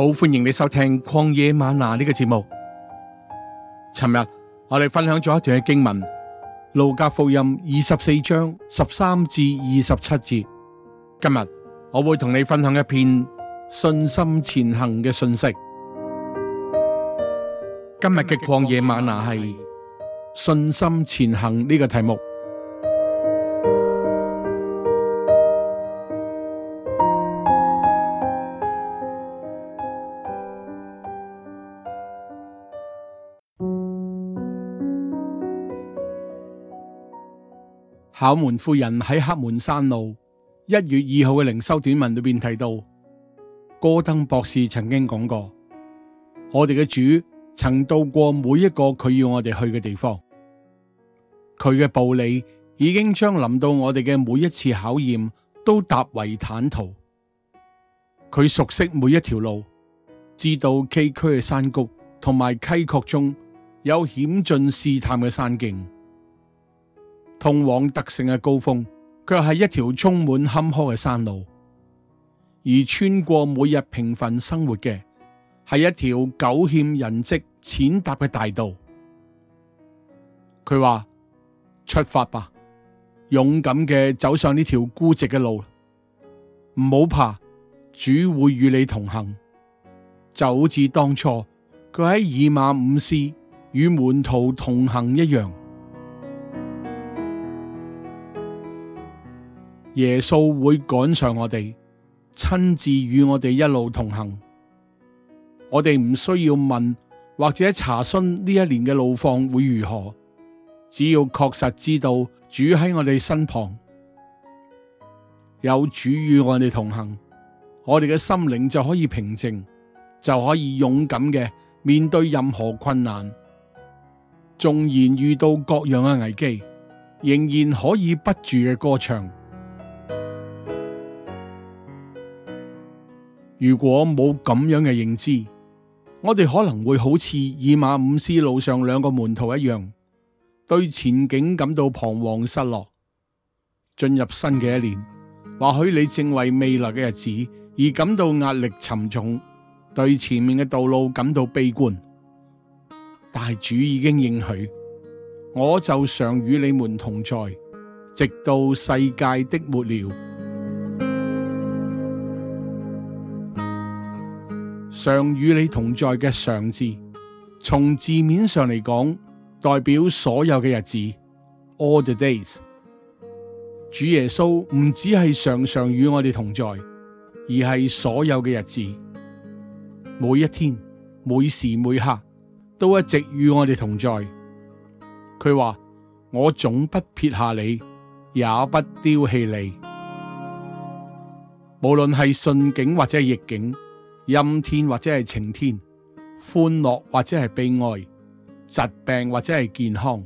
好，歡迎你收聽曠野嗎哪呢個節目。尋日我哋分享咗一段嘅經文《路加福音》二十四章十三至二十七節。今日我會同你分享一篇信心前行嘅信息。今日嘅曠野嗎哪係信心前行呢個題目。考門夫人喺黑門山路一月二號嘅靈修短文裏邊提到，戈登博士曾經講過，我哋嘅主曾到過每一個佢要我哋去嘅地方，佢嘅步履已經將臨到我哋嘅每一次考驗，都踏為坦途。佢熟悉每一條路，知道崎嶇嘅山谷同埋溪谷中有險峻試探嘅山徑。通往得勝嘅高峰，卻係一條充滿坎坷嘅山路；而穿過每日平凡生活嘅，係一條久欠人跡踐踏嘅大道。佢話：出發吧，勇敢嘅走上呢條孤寂嘅路，唔好怕，主會與你同行。就好似當初佢喺以馬忤斯與門徒同行一樣。耶穌會趕上我哋，親自與我哋一路同行。我哋唔需要問或者查詢呢一年嘅路況會如何，只要確實知道主喺我哋身旁，有主與我哋同行，我哋嘅心靈就可以平靜，就可以勇敢嘅面對任何困難，縱然遇到各樣嘅危機，仍然可以不住嘅歌唱。如果冇咁樣嘅認知，我哋可能會好似以馬忤斯路上兩個門徒一樣，對前景感到彷徨失落。進入新嘅一年，或許你正為未來嘅日子而感到壓力沉重，對前面嘅道路感到悲觀。但係主已經應許，我就常與你們同在，直到世界的末了。常與你同在嘅常字，從字面上嚟講，代表所有嘅日子。All the days，主耶穌唔只係常常與我哋同在，而係所有嘅日子，每一天、每時每刻都一直與我哋同在。佢話：我總不撇下你，也不丟棄你。無論係順境或者逆境。陰天或者係晴天，歡樂或者係悲哀，疾病或者係健康，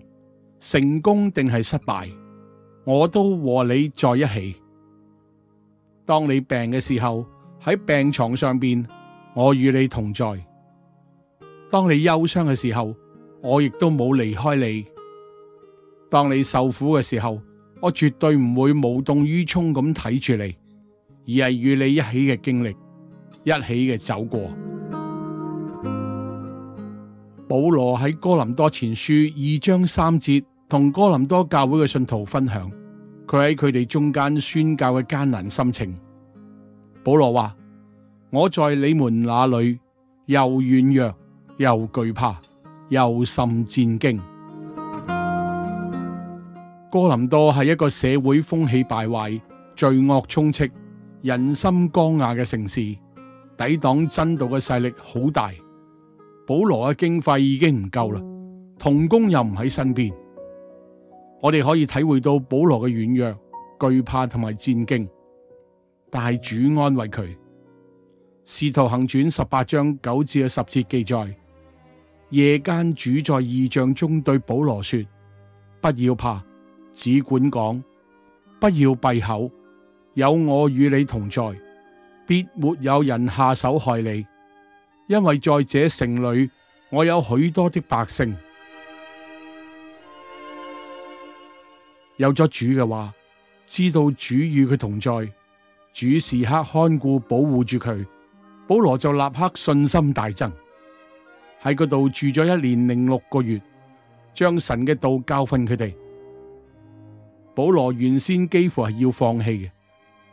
成功定係失敗，我都和你在一起。當你病嘅時候，喺病牀上邊，我與你同在；當你憂傷嘅時候，我亦都冇離開你；當你受苦嘅時候，我絕對唔會無動於衷咁睇住你，而係與你一起嘅經歷一起嘅走過，保羅喺哥林多前書二章三節同哥林多教會嘅信徒分享，佢喺佢哋中間宣教嘅艱難心情。保羅話：我在你們那裏又軟弱又懼怕又甚戰驚。哥林多係一個社會風氣敗壞、罪惡充斥、人心剛雅嘅城市。抵擋真道嘅勢力好大，保羅嘅經費已經唔夠啦，同工又唔喺身邊，我哋可以體會到保羅嘅軟弱、懼怕同埋戰兢，但係主安慰佢。使徒行傳十八章九至十節記載，夜間主在異象中對保羅說：不要怕，只管講，不要閉口，有我與你同在。必沒有人下手害你，因為在這城裏我有許多的百姓。有咗主嘅話，知道主與佢同在，主時刻看顧保護住佢，保羅就立刻信心大增，喺嗰度住咗一年零六個月，將神嘅道教訓佢哋。保羅原先幾乎係要放棄嘅，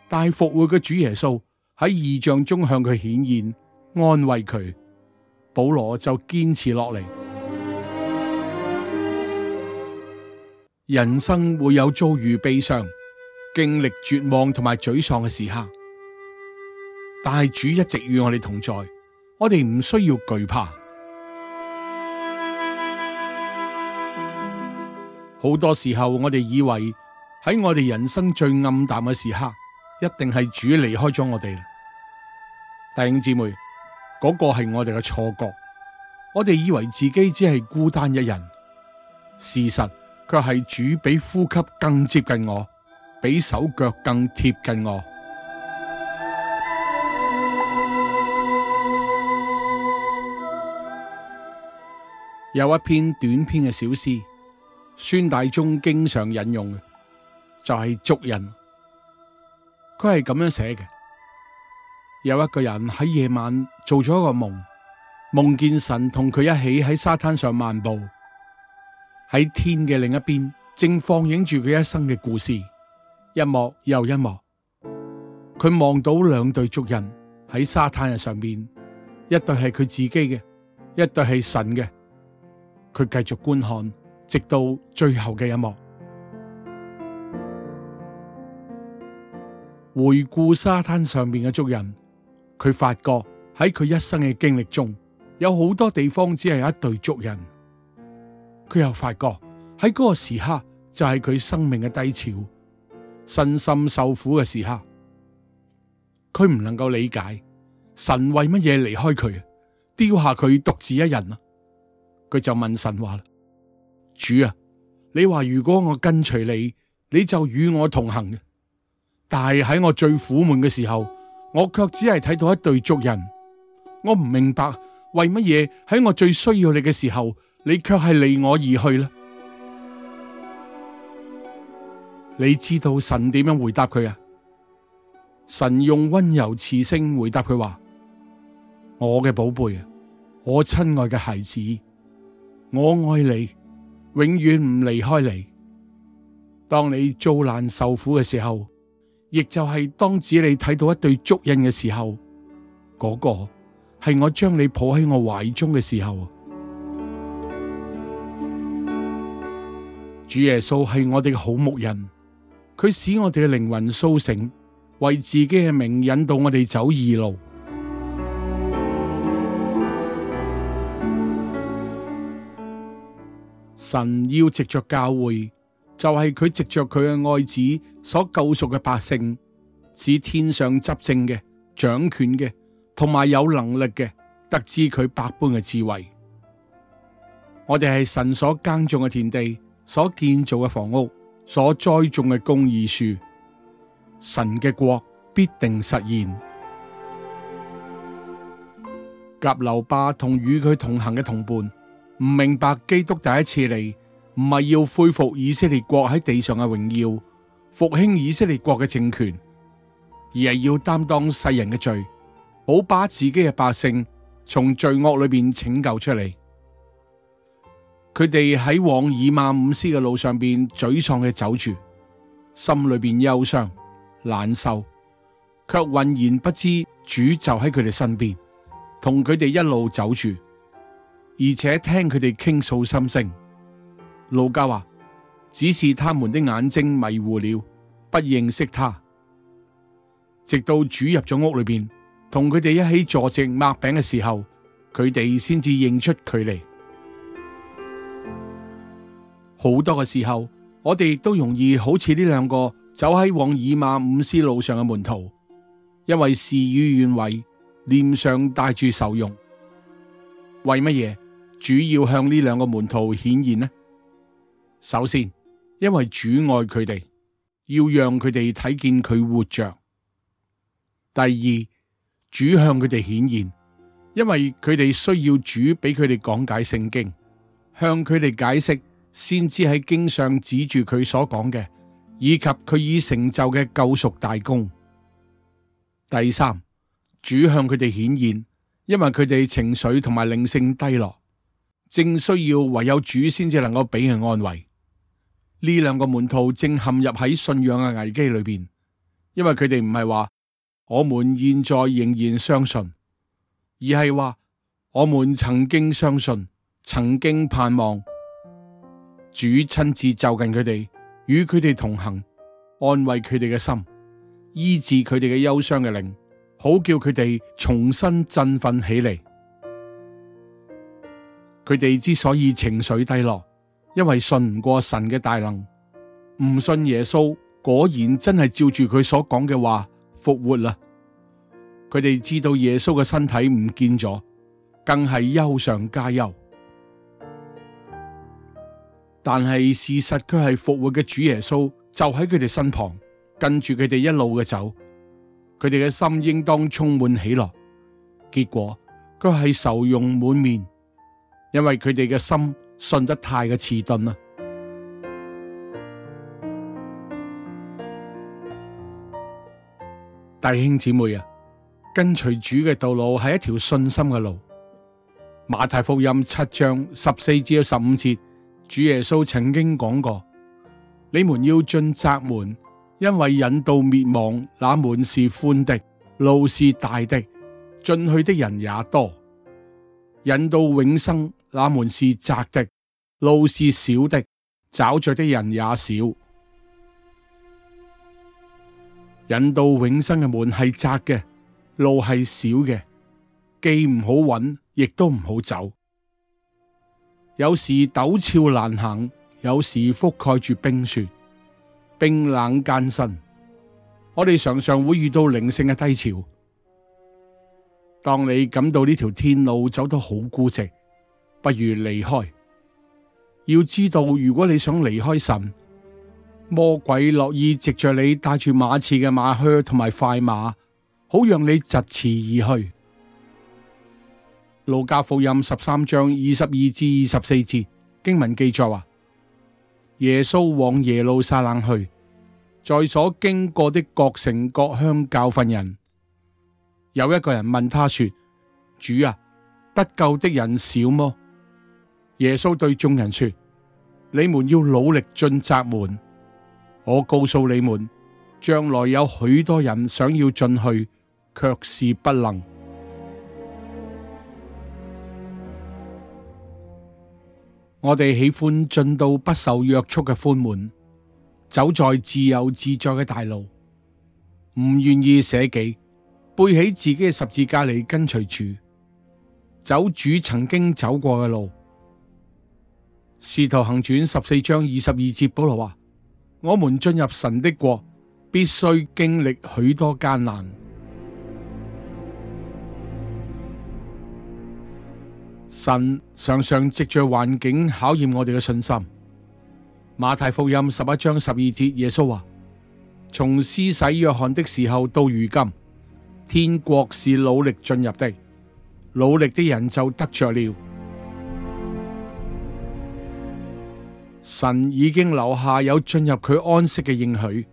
但係復活嘅主耶穌。喺異象中向佢顯現，安慰佢。保羅就堅持落嚟。人生會有遭遇悲傷、經歷絕望同埋沮喪嘅時刻，但係主一直與我哋同在，我哋唔需要懼怕。好多時候，我哋以為喺我哋人生最暗淡嘅時刻，一定係主離開咗我哋。弟兄姊妹，嗰個係我哋嘅錯覺，我哋以為自己只係孤單一人，事實卻係主比呼吸更接近我，比手腳更貼近我。 有一篇短篇嘅小詩，孫大中經常引用嘅，就係《足印》，佢係咁樣寫嘅。有一個人喺夜晚做咗一個夢，夢見神同佢一起喺沙灘上漫步，喺天嘅另一邊正放映住佢一生嘅故事，一幕又一幕。佢望到兩對足印喺沙灘上邊，一對係佢自己嘅，一對係神嘅。佢繼續觀看，直到最後嘅一幕。回顧沙灘上面嘅足印。佢發覺喺佢一生嘅經歷中，有好多地方只係一對足印。佢又發覺喺嗰個時刻就係佢生命嘅低潮、身心受苦嘅時刻。佢唔能夠理解神為乜嘢離開佢，丟下佢獨自一人啊！佢就問神話：「主啊，你話如果我跟隨你，你就與我同行嘅，但係喺我最苦悶嘅時候。我却只係睇到一對族人，我唔明白為乜嘢喺我最需要你嘅時候，你却係離我而去呢？你知道神點樣回答佢啊？神用温柔慈聲回答佢話：我嘅寶貝啊，我親愛嘅孩子，我愛你，永遠唔離開你。當你遭難受苦嘅時候。亦就係當子你睇到一對足印嘅時候，嗰個係我將你抱喺我懷中嘅時候。主耶穌係我哋嘅好牧人，佢使我哋嘅靈魂甦醒，為自己嘅名引導我哋走義路。神要藉着教會。就係、是、佢藉着佢嘅愛子所救贖嘅百姓，指天上執政嘅掌權嘅，同埋有能力嘅，得知佢百般嘅智慧。我哋係神所耕種嘅田地，所建造嘅房屋，所栽種嘅公義樹，神嘅國必定實現。革流巴同與佢同行嘅同伴唔明白基督第一次嚟，唔係要恢復以色列國喺地上嘅榮耀，復興以色列國嘅政權，而係要擔當世人嘅罪，好把自己嘅百姓從罪惡裏邊拯救出嚟。佢哋喺往以馬忤斯嘅路上邊沮喪嘅走住，心裏邊憂傷難受，卻渾然不知主就喺佢哋身邊，同佢哋一路走住，而且聽佢哋傾訴心聲。路加話，只是他們的眼睛迷糊了，不認識他。直到主入咗屋裏邊，同佢哋一起坐席擘餅嘅時候，佢哋先至認出佢嚟。好多嘅時候，我哋都容易好似呢兩個走喺往以馬忤斯路上嘅門徒，因為事與願違，臉上帶住愁容。為乜嘢主要向呢兩個門徒顯現呢？首先，因為主愛佢哋，要讓佢哋睇見佢活着。第二，主向佢哋顯現，因為佢哋需要主俾佢哋講解聖經，向佢哋解釋，先知喺經上指住佢所講嘅，以及佢已成就嘅救贖大功。第三，主向佢哋顯現，因為佢哋情緒同埋靈性低落，正需要唯有主先至能夠俾佢安慰。呢兩個門徒正陷入喺信仰嘅危機裏邊，因為佢哋唔係話我們現在仍然相信，而係話我們曾經相信，曾經盼望。主親自就近佢哋，與佢哋同行，安慰佢哋嘅心，醫治佢哋嘅憂傷嘅靈，好叫佢哋重新振奮起嚟。佢哋之所以情緒低落。因為信唔過神嘅大能，唔信耶穌，果然真係照住佢所講嘅話復活啦。佢哋知道耶穌嘅身體唔見咗，更係憂上加憂。但係事實佢係復活嘅主耶穌，就喺佢哋身旁，跟住佢哋一路嘅走。佢哋嘅心應當充滿喜樂，結果佢係愁容滿面，因為佢哋嘅心。信得太嘅遲鈍啦，大弟兄姊妹啊，跟隨主嘅道路係一條信心嘅路。馬太福音七章十四至十五節，主耶穌曾經講過：你們要進窄門，因為引到滅亡，那門是寬的，路是大的，進去的人也多；引到永生。那門是窄的，路是小的，找着的人也少。引到永生嘅門係窄嘅，路係小嘅，既唔好揾，亦都唔好走。有時陡峭難行，有時覆蓋住冰雪，冰冷艱辛。我哋常常會遇到靈性嘅低潮。當你感到呢條天路走得好孤寂，不如離開。要知道，如果你想離開神，魔鬼樂意藉着你帶住馬刺嘅馬靴同埋快馬，好讓你疾馳而去。路加福音十三章二十二至二十四節經文記載話：耶穌往耶路撒冷去，在所經過的各城各鄉教訓人。有一個人問他說：主啊，得救的人少麼？耶穌對眾人說：你們要努力進窄門。我告訴你們，將來有許多人想要進去，卻是不能。 我哋喜歡進到不受約束嘅寬門，走在自由自在嘅大路，唔願意捨己，背起自己嘅十字架嚟跟隨主，走主曾經走過嘅路。使徒行傳十四章二十二節，保羅話：我們進入神的國，必須經歷許多艱難。神常常藉著環境考驗我哋嘅信心。馬太福音十一章十二節，耶穌話：從施洗約翰的時候到如今，天國是努力進入的，努力的人就得着了。神已經留下有進入佢安息嘅應許，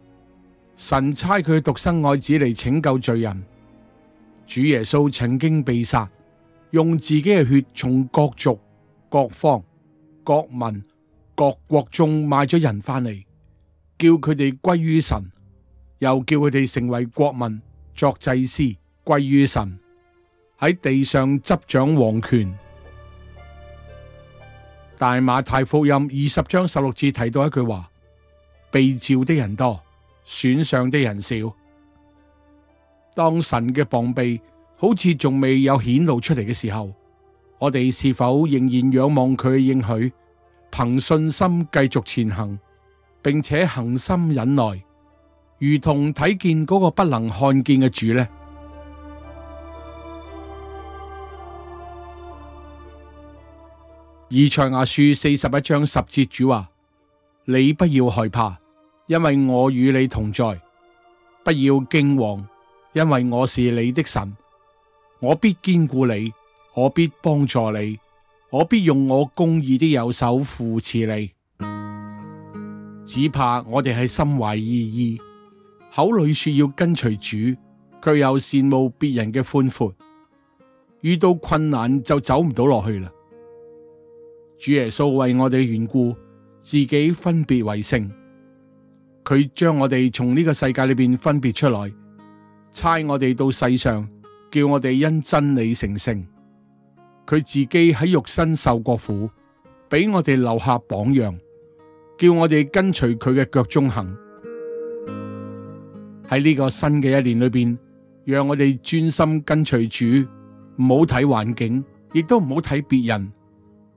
神差佢獨生愛子嚟拯救罪人。主耶穌曾經被殺，用自己嘅血從各族、各方、各民、各國中買咗人翻嚟，叫佢哋歸於神，又叫佢哋成為國民，作祭司，歸於神，喺地上執掌王權。大馬太福音二十章十六字提到一句話：被召的人多，選上的人少。當神嘅防備好似仲未有顯露出嚟嘅時候，我哋是否仍然仰望佢嘅應許，憑信心繼續前行，並且恒心忍耐，如同睇見嗰個不能看見嘅主呢？以賽亞書四十一章十節主話：你不要害怕，因為我與你同在；不要驚惶，因為我是你的神，我必堅固你，我必幫助你，我必用我公義的右手扶持你。只怕我哋係心懷意義，口裏說要跟隨主，卻又羨慕別人嘅寬闊，遇到困難就走唔到落去啦。主耶穌為我哋嘅緣故，自己分別為聖，佢將我哋從呢個世界裏邊分別出來，差我哋到世上，叫我哋因真理成聖。佢自己喺肉身受過苦，俾我哋留下榜樣，叫我哋跟隨佢嘅腳蹤行。喺呢個新嘅一年裏邊，讓我哋專心跟隨主，唔好睇環境，亦都唔好睇別人。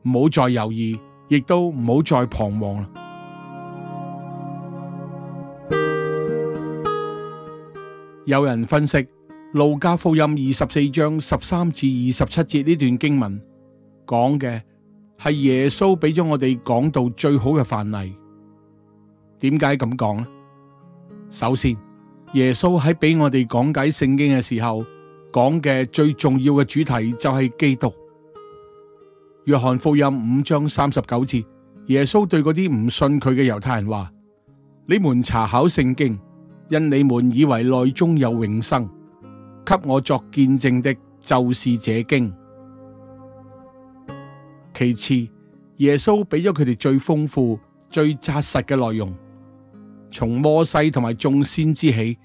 唔好再猶豫，亦都唔好再彷徨啦。有人分析路加福音二十四章十三至二十七節呢段經文，講嘅係耶穌俾咗我哋講到最好嘅範例。點解咁講呢？首先，耶穌喺俾我哋講解聖經嘅時候，講嘅最重要嘅主題就係基督。約翰福音五章三十九節：「耶穌對嗰啲唔信佢嘅猶太人話：你們查考聖經，因你們以為內中有永生，給我作見證的，就是這經。其次，耶穌俾咗佢哋最豐富、最紮實嘅內容，從摩西同埋眾先知起，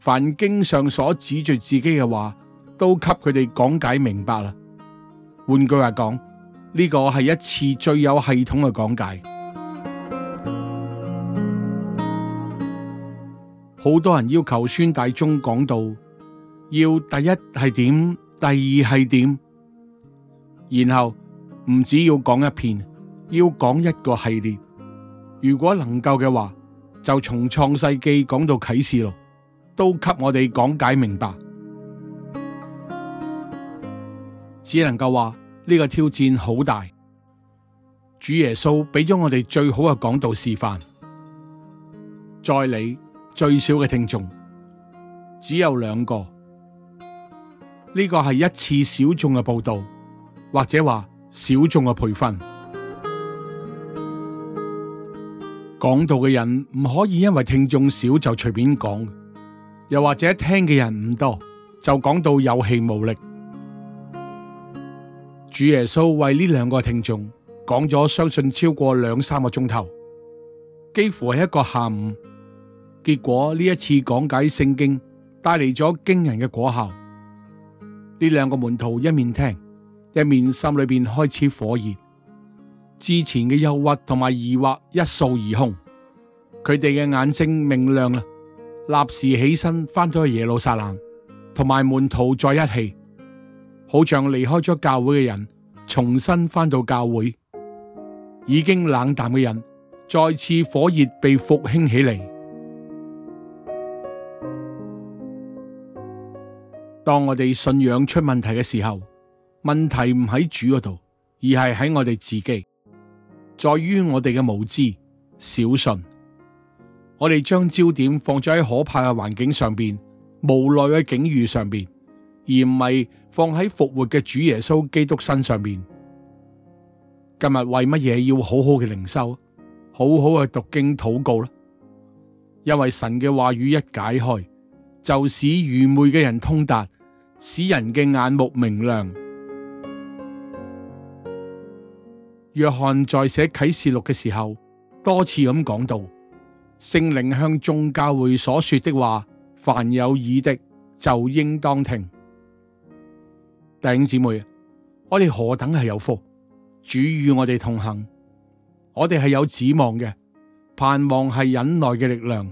凡經上所指住自己嘅話，都給佢哋講解明白啦。換句話講，呢個係一次最有系統嘅講解，好多人要求孫大中講到，要第一係點，第二係點，然後唔只要講一篇，要講一個系列。如果能夠嘅話，就從創世紀講到啟示咯，都給我哋講解明白，只能夠話。呢個挑戰好大，主耶穌俾咗我哋最好嘅講道示範。再嚟，最少嘅聽眾只有兩個，呢個係一次小眾嘅報道，或者話小眾嘅培訓。講道嘅人唔可以因為聽眾少就隨便講，又或者聽嘅人唔多就講到有氣無力。主耶穌為呢兩個聽眾講咗相信超過兩三個鐘頭，幾乎係一個下午。結果呢一次講解聖經帶嚟咗驚人嘅果效。呢兩個門徒一面聽，一面心裏邊開始火熱，之前嘅憂鬱同埋疑惑一掃而空。佢哋嘅眼睛明亮啦，立時起身翻咗去耶路撒冷，同埋門徒再一起。好像離開咗教會嘅人，重新翻到教會；已經冷淡嘅人，再次火熱被復興起嚟。當我哋信仰出問題嘅時候，問題唔喺主嗰度，而係喺我哋自己，在於我哋嘅無知、小信。我哋將焦點放咗喺可怕嘅環境上邊，無奈嘅境遇上邊。而唔係放喺復活嘅主耶穌基督身上面。今日為乜嘢要好好嘅靈修，好好去讀經禱告呢？因為神嘅話語一解開，就使愚昧嘅人通達，使人嘅眼目明亮。約翰在寫啟示錄嘅時候，多次咁講道，聖靈向眾教會所說的話，凡有耳的就應當聽。弟兄姊妹，我哋何等係有福，主與我哋同行，我哋係有指望嘅，盼望係忍耐嘅力量。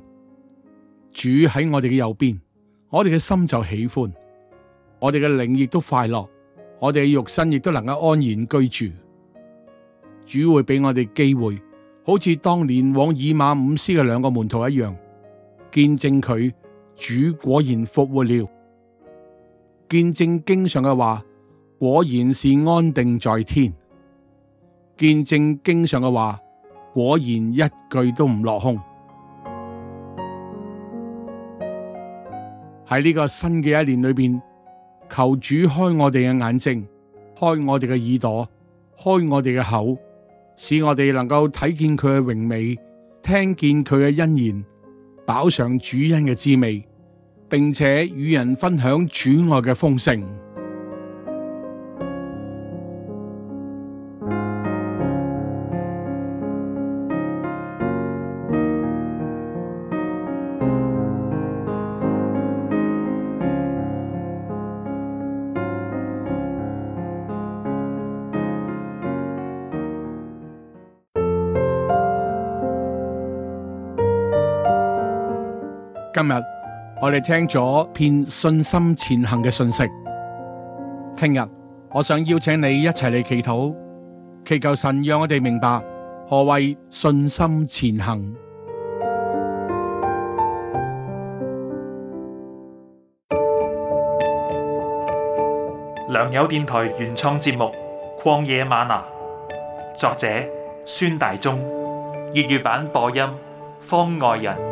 主喺我哋嘅右邊，我哋嘅心就喜歡，我哋嘅靈亦都快樂，我哋嘅肉身亦都能夠安然居住。主會俾我哋機會，好似當年往以馬忤斯嘅兩個門徒一樣，見證佢主果然復活了。見證經上嘅話，果然是安定在天；見證經上嘅話，果然一句都唔落空。喺呢個新嘅一年裏邊，求主開我哋嘅眼睛，開我哋嘅耳朵，開我哋嘅口，使我哋能夠睇見佢嘅榮美，聽見佢嘅恩言，飽嘗主恩嘅滋味。並且與人分享主愛嘅豐盛。我哋聽咗篇信心前行嘅訊息，聽日我想邀請你一齊嚟祈禱，祈求神讓我哋明白何謂信心前行。良友電台原創節目《曠野嗎哪》，作者：孫大中，粵語版播音：方外人。